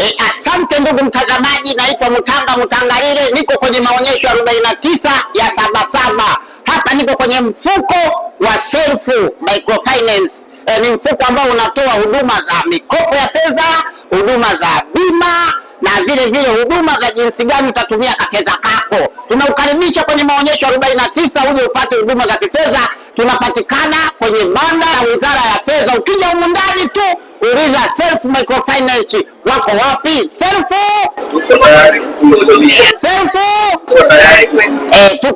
E, asante ndugu mtazamaji, naitwa Mutanga Mutangalile, niko kwenye maonyesho arobaini na tisa ya Sabasaba. Hapa niko kwenye mfuko wa Self Microfinance. E, ni mfuko ambao unatoa huduma za mikopo ya fedha, huduma za bima na vile vile huduma za jinsi gani utatumia kafedha kako. Tunaukaribisha kwenye maonyesho arobaini na tisa uje upate huduma za kifedha tunapatikana kwenye banda la Wizara ya Fedha. Ukija humu ndani tu uliza Self Microfinance wako wapi? Self eh, tuko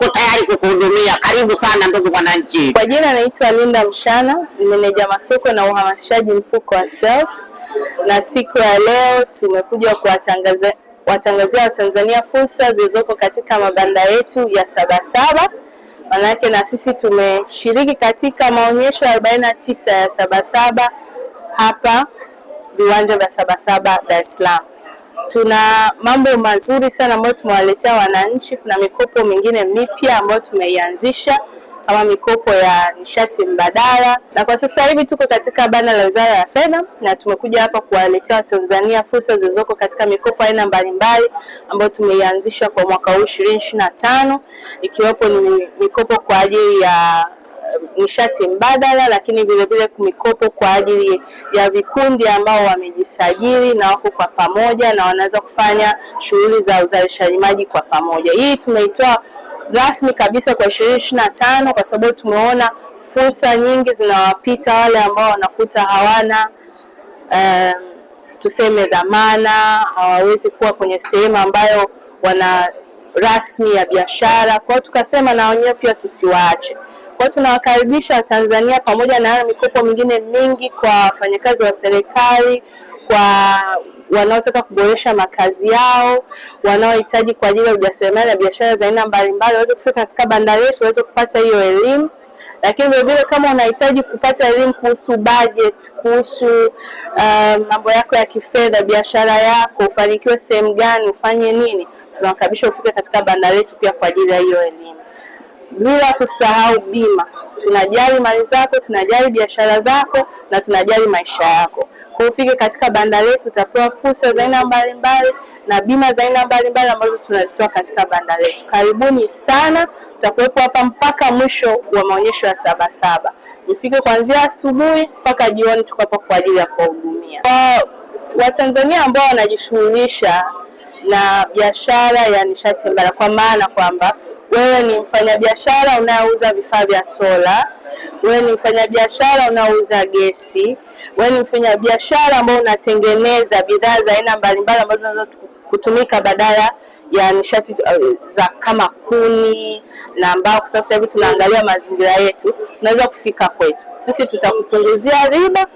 tayari kukuhudumia. Karibu sana ndugu mwananchi Kwa jina naitwa Linda Mshana, meneja masoko na uhamasishaji mfuko wa Self, na siku ya leo tumekuja kuwatangazia watangazia Watanzania fursa zilizoko katika mabanda yetu ya Sabasaba Manake na sisi tumeshiriki katika maonyesho ya arobaini na tisa ya Sabasaba hapa viwanja vya Sabasaba Dar es Salaam. Tuna mambo mazuri sana ambayo tumewaletea wananchi. Kuna mikopo mingine mipya ambayo tumeianzisha kama mikopo ya nishati mbadala, na kwa sasa hivi tuko katika banda la Wizara ya Fedha na tumekuja hapa kuwaletea Watanzania fursa zilizoko katika mikopo aina mbalimbali ambayo tumeianzisha kwa mwaka huu ishirini ishirini na tano ikiwepo ni mikopo kwa ajili ya nishati mbadala lakini vilevile mikopo kwa ajili ya vikundi ambao wamejisajili na wako kwa pamoja na wanaweza kufanya shughuli za uzalishaji maji kwa pamoja. Hii tumeitoa rasmi kabisa kwa ishirini ishirini na tano kwa sababu tumeona fursa nyingi zinawapita wale ambao wanakuta hawana um, tuseme dhamana, hawawezi kuwa kwenye sehemu ambayo wana rasmi ya biashara. Kwa hiyo tukasema na wenyewe pia tusiwaache. Kwa hiyo tunawakaribisha Watanzania pamoja na mikopo mingine mingi kwa wafanyakazi wa serikali, kwa wanaotaka kuboresha makazi yao, wanaohitaji kwa ajili ya ujasiriamali na biashara za aina mbalimbali waweze kufika katika banda letu waweze kupata hiyo elimu. Lakini vilevile kama unahitaji kupata elimu kuhusu budget, kuhusu uh, mambo yako ya kifedha, biashara yako, ufanikiwe sehemu gani, ufanye nini, tunakaribisha ufike katika banda letu pia kwa ajili ya hiyo elimu, bila kusahau bima. Tunajali mali zako, tunajali biashara zako na tunajali maisha yako. Kwa ufike katika banda letu, utapewa fursa za aina mbalimbali na bima za aina mbalimbali ambazo tunazitoa katika banda letu. Karibuni sana, tutakuwepo hapa mpaka mwisho wa maonyesho ya Sabasaba. Mfike kuanzia asubuhi mpaka jioni, tuko hapa kwa ajili ya kuwahudumia kwa Watanzania ambao wanajishughulisha na biashara ya nishati mbadala, kwa maana kwamba wewe ni mfanyabiashara unayeuza vifaa vya sola, wewe ni mfanyabiashara unaouza gesi, wewe ni mfanyabiashara ambao unatengeneza bidhaa za aina mbalimbali ambazo zinaweza kutumika badala ya nishati uh, za kama kuni na ambao sasa hivi tunaangalia mazingira yetu, unaweza kufika kwetu sisi, tutakupunguzia riba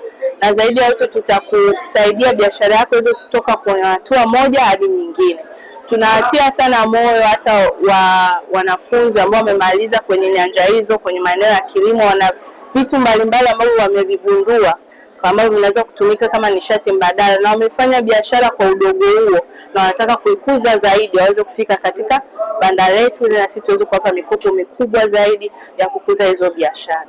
na zaidi ya yote tutakusaidia biashara yako iweze kutoka kwenye hatua moja hadi nyingine tunawatia sana moyo hata wa wanafunzi ambao wamemaliza kwenye nyanja hizo, kwenye maeneo ya kilimo, wana vitu mbalimbali ambavyo wamevigundua ambavyo vinaweza kutumika kama nishati mbadala, na wamefanya biashara kwa udogo huo na wanataka kuikuza zaidi, waweze kufika katika banda letu, ili na sisi tuweze kuwapa mikopo mikubwa zaidi ya kukuza hizo biashara.